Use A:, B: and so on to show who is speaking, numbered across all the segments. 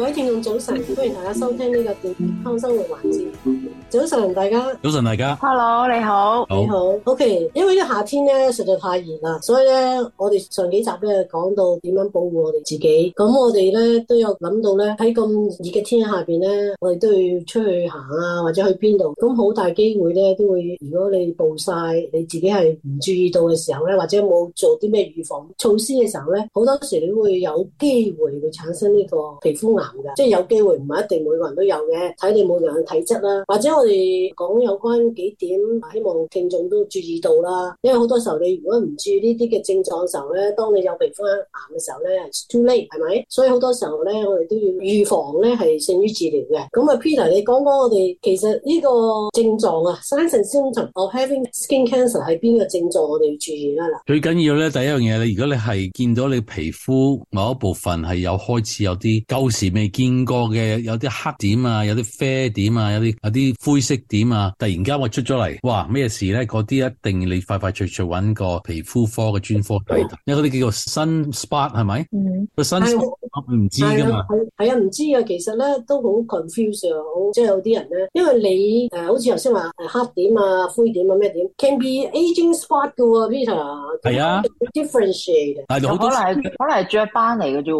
A: 各位聽眾早晨，歡迎大家收聽呢個《健康生活環節》。早晨，大家。早晨，大家。Hello，你好。你好。OK，因為呢夏天咧實在太熱啦，所以咧我哋上幾集咧講到點樣保護我哋自己。咁我哋咧都有諗到咧喺咁熱嘅天下邊咧，我哋都要出去行啊，或者去邊度。咁好大機會咧都會，如果你暴曬，你自己係唔注意到嘅時候咧，或者冇做啲咩預防措施嘅時候咧，好多時你會有機會會產生呢個皮膚癌。即係有機會唔係一定每個人都有嘅，睇你冇樣嘅體質啦，或者我哋講有關幾點，希望聽眾都注意到啦。因為好多時候你如果唔注意呢啲嘅症狀嘅時候咧，當你有皮膚癌嘅時候咧，too late 係咪？所以好多時候咧，我哋都要預防咧係勝於治療嘅。咁啊，Peter，你講講我哋其實呢個症狀啊 signs and symptoms of having skin cancer 係邊個症狀我哋要注意啦？
B: 最緊要咧第一樣嘢，你如果你係見到你皮膚某一部分係有開始有啲皺時未見過嘅有啲黑點啊，有啲啡點啊，有啲有啲灰色點啊，突然間我出咗嚟，哇，咩事咧？嗰啲一定你快快脆脆揾個皮膚科嘅專科睇，因為嗰啲叫做 sun spot 係咪？嗯，個 sun spot 唔知噶嘛？
A: 係啊，唔、啊啊、知啊。其實咧都好 confuse 上、啊，即係有啲人咧，因為你誒、呃，好似頭先話黑點啊、灰點啊、咩點，can be aging spot 噶喎，Peter。係啊。differentiate、啊。但係好多可能係、啊、可能係雀斑嚟嘅啫。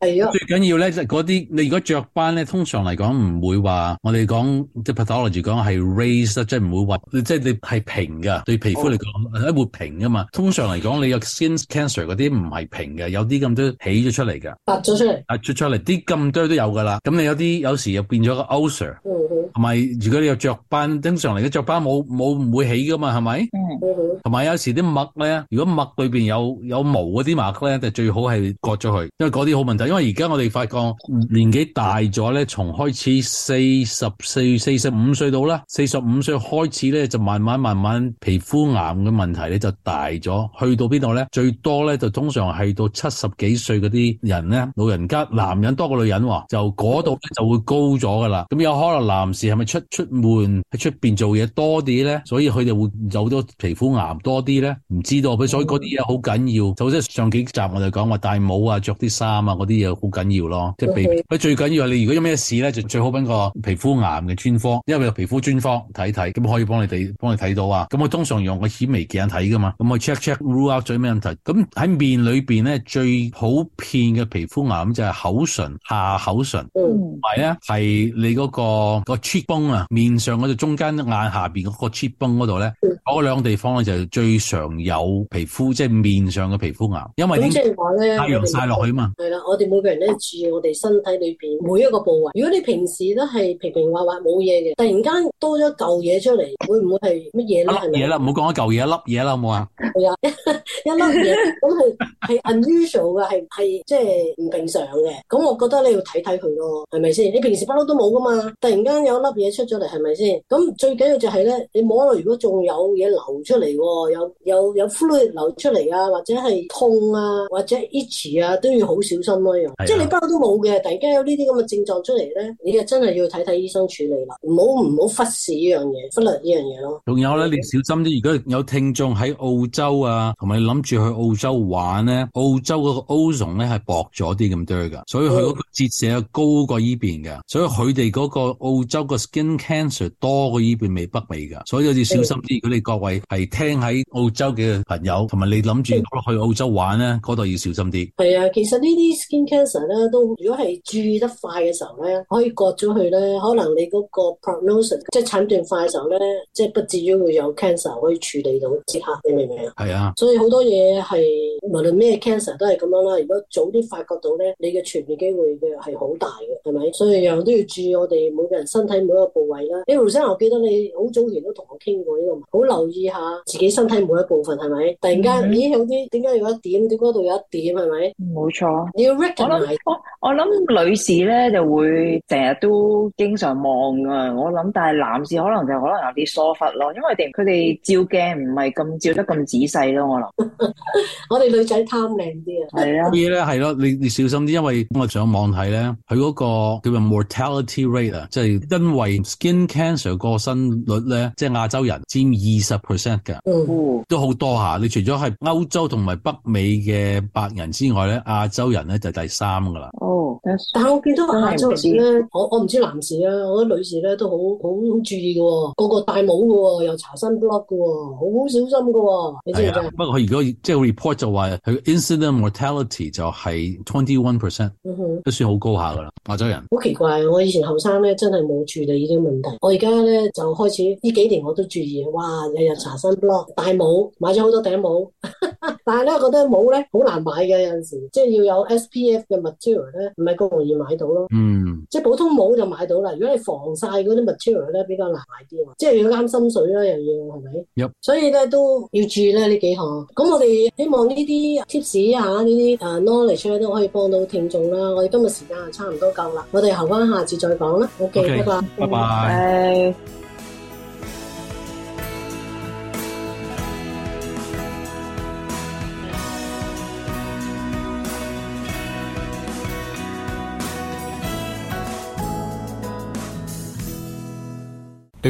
A: 係咯、
B: 啊。最緊要咧就嗰啲。 你如果雀斑咧，通常嚟講唔會話，我哋講即係 pathology 講係 raise 即係唔會話即係你係平噶，對皮膚嚟講、oh. 會平噶嘛。通常嚟講，你有 skin cancer 嗰啲唔係平嘅，有啲咁多起咗出嚟㗎，突咗、啊、出嚟，突、啊、出嚟啲咁多都有噶啦。咁你有啲有時又變咗個 ulcer 同埋如果你有雀斑，正常嚟嘅雀斑冇冇唔會起噶嘛，係咪？同、mm、埋 -hmm. 有，有時啲癦咧，如果癦裏面有有毛嗰啲癦咧，就最好係割咗佢，因為嗰啲好問題。因為而家我哋發覺。年紀大咗咧，從開始四十四、四十五歲到啦，四十五歲開始咧就慢慢慢慢皮膚癌嘅問題咧就大咗。去到邊度咧？最多咧就通常係到七十幾歲嗰啲人咧，老人家男人多過女人，就嗰度咧就會高咗噶啦。咁有可能男士係咪出出門喺出邊做嘢多啲咧？所以佢哋會有咗皮膚癌多啲咧？唔知道。所以嗰啲嘢好緊要。就好似上幾集我哋講話戴帽啊、着啲衫啊嗰啲嘢好緊要咯，即、okay. 係佢最緊要係你如果有咩事咧，就最好揾個皮膚癌嘅專科，因為有皮膚專科睇睇，咁可以幫你哋，幫你睇到啊。咁我通常用個顯微鏡睇噶嘛，咁我 check check rule out 咗有咩問題。咁喺面裏面咧，最普遍嘅皮膚癌咁就係口唇、下口唇，嗯，係呢係你嗰、嗰個、嗰個 cheek bone 啊，面上嗰度中間眼下邊嗰個 cheek bone 嗰度咧，嗰、嗯嗰個、兩個地方咧就係、最常有皮膚，即、就、係、係、面上嘅皮膚癌，因為即係話
A: 咧，太陽曬、嗯、落去啊嘛，係啦，我哋每個人咧注意我哋身。 喺裏邊每一個部位，如果你平時都係平平滑滑冇嘢嘅，突然間多咗嚿嘢出嚟，會唔會係乜嘢咧？係乜嘢
B: 啦？唔好講一嚿嘢一粒嘢啦，好冇啊？
A: 係啊，一粒嘢咁係係 unusual 嘅，係係即係唔平常嘅。咁我覺得你要睇睇佢咯，係咪先？你平時不嬲都冇㗎嘛，突然間有一粒嘢出咗嚟，係咪先？咁最緊要就係咧，你摸落如果仲有嘢流出嚟，有有有 fluid 流出嚟啊，或者係痛啊，或者 itch 啊，都要好小心咯、啊，又即係你不嬲都冇嘅，而家有這這呢啲咁嘅症狀出嚟咧，你就真係要睇睇醫生處理啦，唔好唔好忽
B: 視呢樣嘢，忽略呢樣嘢咯。仲有咧，你小心啲。如果有聽眾喺澳洲啊，同埋你諗住去澳洲玩咧，澳洲嗰個 Ozone 咧係薄咗啲咁多嘅，所以佢嗰個折射係高過依邊嘅，所以佢哋嗰個澳洲個 Skin Cancer 多過依邊未北美嘅，所以要小心啲。如果你各位係聽喺澳洲嘅朋友，同埋你諗住去澳洲玩咧，嗰 度要小心啲。係啊，其
A: 實呢啲 Skin Cancer 咧都如果係。注意得快嘅時候咧，可以割咗佢咧，可能你嗰個 prognosis 即係診斷快嘅時候咧，即係不至於會有 cancer 可以處理到即刻你明唔明啊？係啊，所以好多嘢係無論咩 cancer 都係咁樣啦。如果早啲發覺到咧，你嘅存命機會嘅係好大嘅，係咪？所以又都要注意我哋每個人身體每一個部位啦。你 Rosanna 我記得你好早前都同我傾過呢個問題，好留意下自己身體每一部分係咪？突然間、嗯、咦有啲點解有一點？點嗰度有一點係咪？冇錯，你要 record 埋。我我,我女士咧就會成日都經常望㗎，我諗，但係男士可能就可能有啲疏忽咯，因為點佢哋照鏡唔係咁照得咁仔細咯，我諗。 我哋女仔貪靚啲啊，係啊。所
B: 以咧係咯，你你小心啲，因為我上網睇咧，佢嗰個叫做 mortality rate 啊，即係因為 skin cancer 過身率咧，即係亞洲人佔二十 percent 嘅，嗯，都好多下，你除咗係歐洲同埋北美嘅白人之外咧，亞洲人咧就第三㗎啦，
A: 哦，oh. 但係我見到亞洲人咧，我我唔知男士啊，我覺得女士咧都好好好注意嘅喎、哦，個個戴帽㗎喎、哦，又搽 sunblock 㗎喎，好好小心㗎喎、哦。係啊，
B: 不過如果即係 report 就話、是、佢 incident mortality 就係 twenty one percent，都算好高下㗎啦。亞洲
A: 人好奇怪啊，我以前後生咧真係冇處理呢啲問題，我而家咧就開始呢幾年我都注意，哇！日日搽 sunblock，戴帽，買咗好多頂帽， 但係咧我覺得帽咧好難買嘅有陣時，即係要有 S P F 嘅 material 咧，唔係容易買到咯，嗯，即係普通帽就買到啦。如果你防曬嗰啲 material 咧，比較難買啲嘛，即係要啱心水啦，又要係咪？Yep. 所以咧都要注意啦呢幾項。咁我哋希望呢啲 tips 啊，呢啲誒 knowledge 咧都可以幫到聽眾啦。我哋今日時間啊差唔多夠啦，我哋後翻下次再講啦。O K，好啦，拜拜。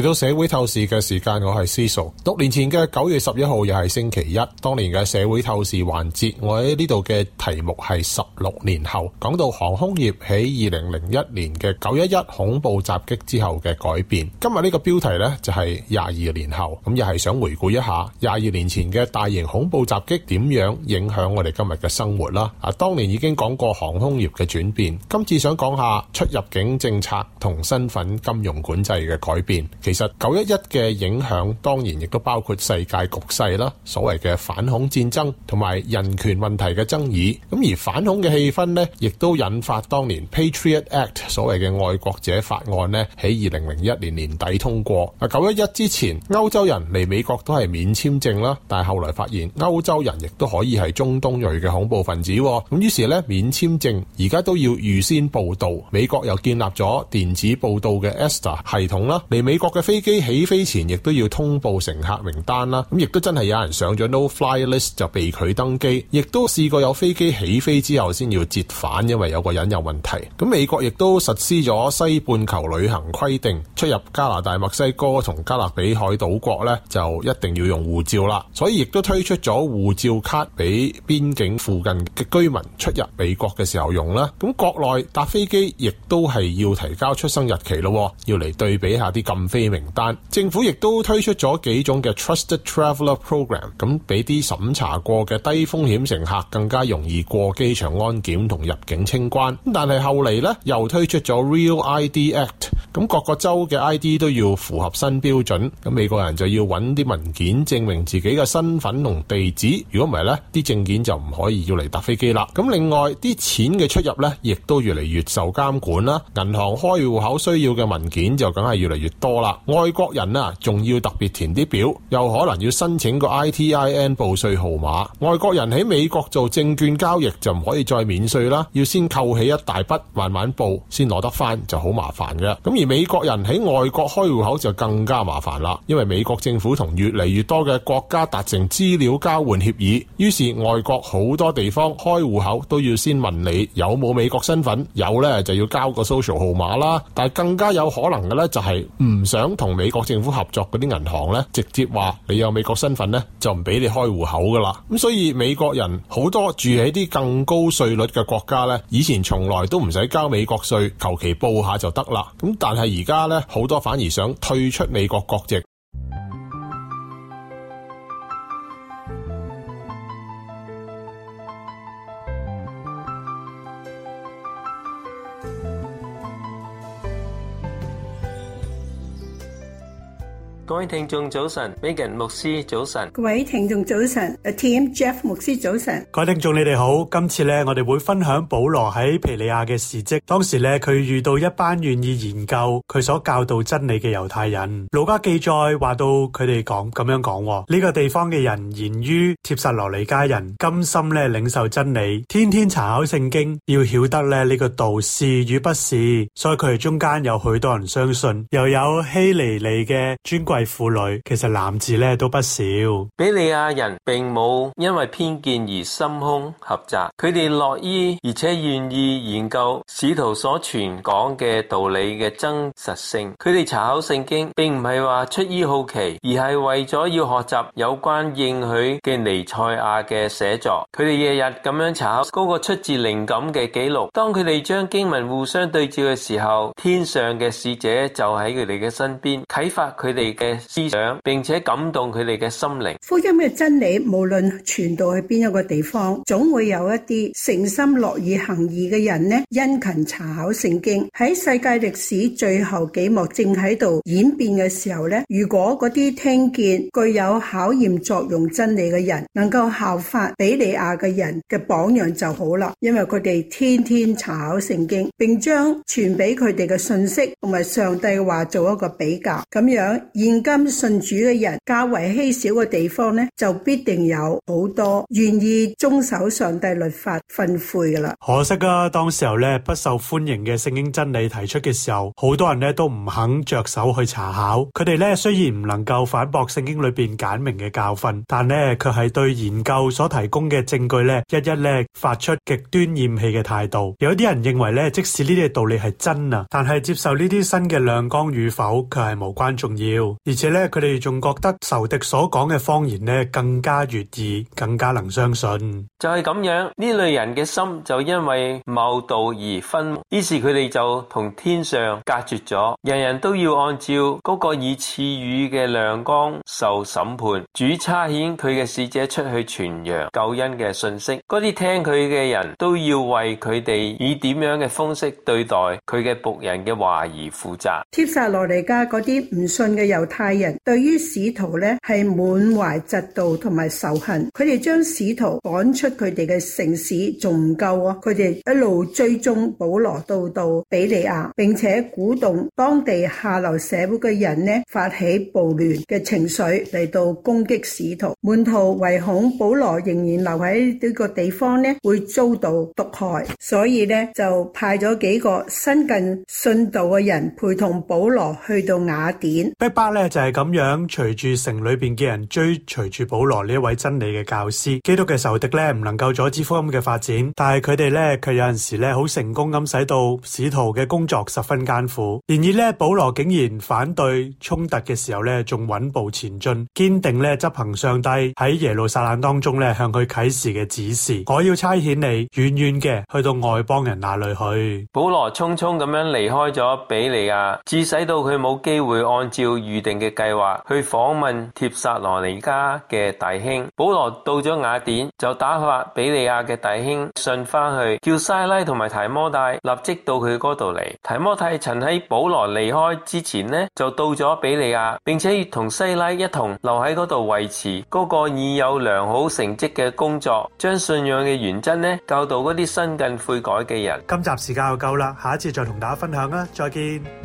C: 到社會透視嘅時間，我係思素。六年前嘅九月十一號又係星期一，當年嘅社會透視環節，我喺呢度嘅題目係十六年後，講到航空業喺二零零一年嘅九一一恐怖襲擊之後嘅改變。今日呢個標題呢，就係廿二年後，咁又係想回顧一下廿二年前嘅大型恐怖襲擊點樣影響我哋今日嘅生活啦。啊，當年已經講過航空業嘅轉變，今次想講一下出入境政策同身份金融管制嘅改變。其實九一一嘅影響當然亦都包括世界局勢啦，所謂嘅反恐戰爭同埋人權問題嘅爭議。咁而反恐嘅氣氛呢，亦都引發當年 Patriot Act 所謂嘅愛國者法案呢，喺二零零一年年底通過。啊，九一一之前歐洲人嚟美國都係免簽證啦，但係後來發現歐洲人亦都可以係中東裔嘅恐怖分子。咁於是呢，免簽證而家都要預先報到。美國又建立咗電子報到嘅 ESTA 系統啦，嚟美國嘅。飛機起飛前，亦都要通報乘客名單啦。咁亦都真係有人上咗 No Fly List 就被拒登機。亦都試過有飛機起飛之後先要折返，因為有個人有問題。咁美國亦都實施咗西半球旅行規定，出入加拿大、墨西哥同加勒比海島國呢就一定要用護照啦。所以亦都推出咗護照卡俾邊境附近嘅居民出入美國嘅時候用啦。咁國內搭飛機亦都係要提交出生日期咯，要嚟對比下啲禁飛。名單，政府亦都推出咗幾種嘅 Trusted Traveler Program，咁俾啲審查過嘅低風險乘客更加容易過機場安檢同入境清關。但係後嚟咧，又推出咗 Real ID Act。咁各個州嘅 ID 都要符合新標準，咁美國人就要揾啲文件證明自己嘅身份同地址，如果唔係呢啲證件就唔可以要嚟搭飛機啦。咁另外啲錢嘅出入呢，亦都越嚟越受監管啦。銀行開戶口需要嘅文件就梗係越嚟越多啦。外國人啊，仲要特別填啲表，又可能要申請個 ITIN 報稅號碼。外國人喺美國做證券交易就唔可以再免稅啦，要先扣起一大筆，慢慢報先攞得翻，就好麻煩嘅。咁美國人喺外國開戶口就更加麻煩啦，因為美國政府同越嚟越多嘅國家達成資料交換協議，於是外國好多地方開戶口都要先問你有冇美國身份，有呢就要交個 social 號碼啦。但係更加有可能嘅呢，就係唔想同美國政府合作嗰啲銀行呢，直接話你有美國身份呢，就唔俾你開戶口噶啦。咁所以美國人好多住喺啲更高稅率嘅國家呢，以前從來都唔使交美國稅，求其報下就得啦。咁但但係而家咧，好多反而想退出美國國籍。
D: 各位聽眾
E: 早晨，Megan 牧師早晨，
F: 各位聽眾早晨，Team Jeff 牧師早晨。
E: 各位聽眾你哋好，今次咧我哋會分享保羅喺庇哩亞嘅事蹟。當時咧佢遇到一班願意研究佢所教導真理嘅猶太人。路加記載話到佢哋講咁樣講，呢個地方嘅人賢於帖撒羅尼迦人，甘心咧領受真理，天天查考聖經，要曉得咧呢個道是與不是。所以佢哋中間有許多人相信，又有希利尼嘅尊貴，係婦女，其實男子咧都不少。
D: 比利亞人並冇因為偏見而心胸狹窄，佢哋樂意而且願意研究使徒所傳講嘅道理嘅真實性。佢哋查考聖經，並唔係話出於好奇，而係為咗要學習有關應許嘅尼賽亞嘅寫作。佢哋日日咁樣查考，嗰個出自靈感嘅記錄。當佢哋將經文互相對照嘅時候，天上嘅使者就喺佢哋嘅身邊，啟發佢哋嘅嘅思想，並且感動佢哋嘅心靈。
F: 福音嘅真理，無論傳到去邊一個地方，總會有一啲誠心樂意行義嘅人呢，殷勤查考聖經，喺世界歷史最後幾幕正喺度演變嘅時候咧，如果嗰啲聽見具有考驗作用真理嘅人，能夠效法庇哩亞嘅人嘅榜樣就好啦。因為佢哋天天查考聖經，並將傳俾佢哋嘅信息同埋上帝嘅話做一個比較，咁樣。現今信主嘅人較為稀少嘅地方咧，就必定有好多願意遵守上帝律法、悔罪嘅啦。
E: 可惜啊，當時候咧，不受歡迎嘅聖經真理提出嘅時候，好多人咧都唔肯着手去查考。佢哋咧，雖然唔能夠反駁聖經裏邊簡明嘅教訓，但咧，卻係對研究所提供嘅證據咧，一一咧發出極端厭棄嘅態度。有啲人認為咧，即使呢啲道理係真啊，但係接受呢啲新嘅亮光與否，卻係無關重要。而且咧，佢哋仲覺得仇敵所講嘅方言咧，更加悅耳，更加能相信。就係
D: 咁樣，呢類人嘅心就因為謬道而分，於是佢哋就同天上隔絕咗。人人都要按照嗰個以賜予嘅亮光受審判。主差遣佢嘅使者出去傳揚救恩嘅信息，嗰啲聽佢嘅人都要為佢哋以點樣嘅方式對待佢嘅僕人嘅話而負責。
F: 帖撒羅尼迦嗰啲唔信嘅猶太。派人對於使徒咧係滿懷嫉妒同埋仇恨，佢哋將使徒趕出佢哋嘅城市仲唔夠啊。佢哋一路追蹤保羅到到庇哩亞，並且鼓動當地下流社會嘅人呢發起暴亂嘅情緒嚟到攻擊使徒。滿途唯恐保羅仍然留喺呢個地方呢會遭到毒害，所以呢，就派咗幾個新近信道嘅人陪同保羅去到雅典。
E: 就係咁樣，隨住城裏邊嘅人追隨住保羅呢一位真理嘅教師，基督嘅仇敵咧唔能夠阻止福音嘅發展，但係佢哋咧，佢有陣時咧好成功咁使到使徒嘅工作十分艱苦。然而咧，保羅竟然反對衝突嘅時候咧，仲穩步前進，堅定咧執行上帝喺耶路撒冷當中咧向佢啟示嘅指示。我要差遣你遠遠嘅去到外邦人那裏去。
D: 保羅匆匆咁樣離開咗庇哩亞，至使到佢冇機會按照預定嘅計劃去訪問帖撒羅尼加嘅弟兄。保羅到咗雅典就打發庇哩亞嘅弟兄信翻去，叫西拉同埋提摩太立即到佢嗰度嚟。提摩太曾喺保羅離開之前呢，就到咗庇哩亞，並且同西拉一同留喺嗰度維持嗰個已有良好成績嘅工作，將信仰嘅原則呢教導嗰啲新近悔改嘅人。
E: 今集時間又夠啦，下一次再同大家分享啦，再見。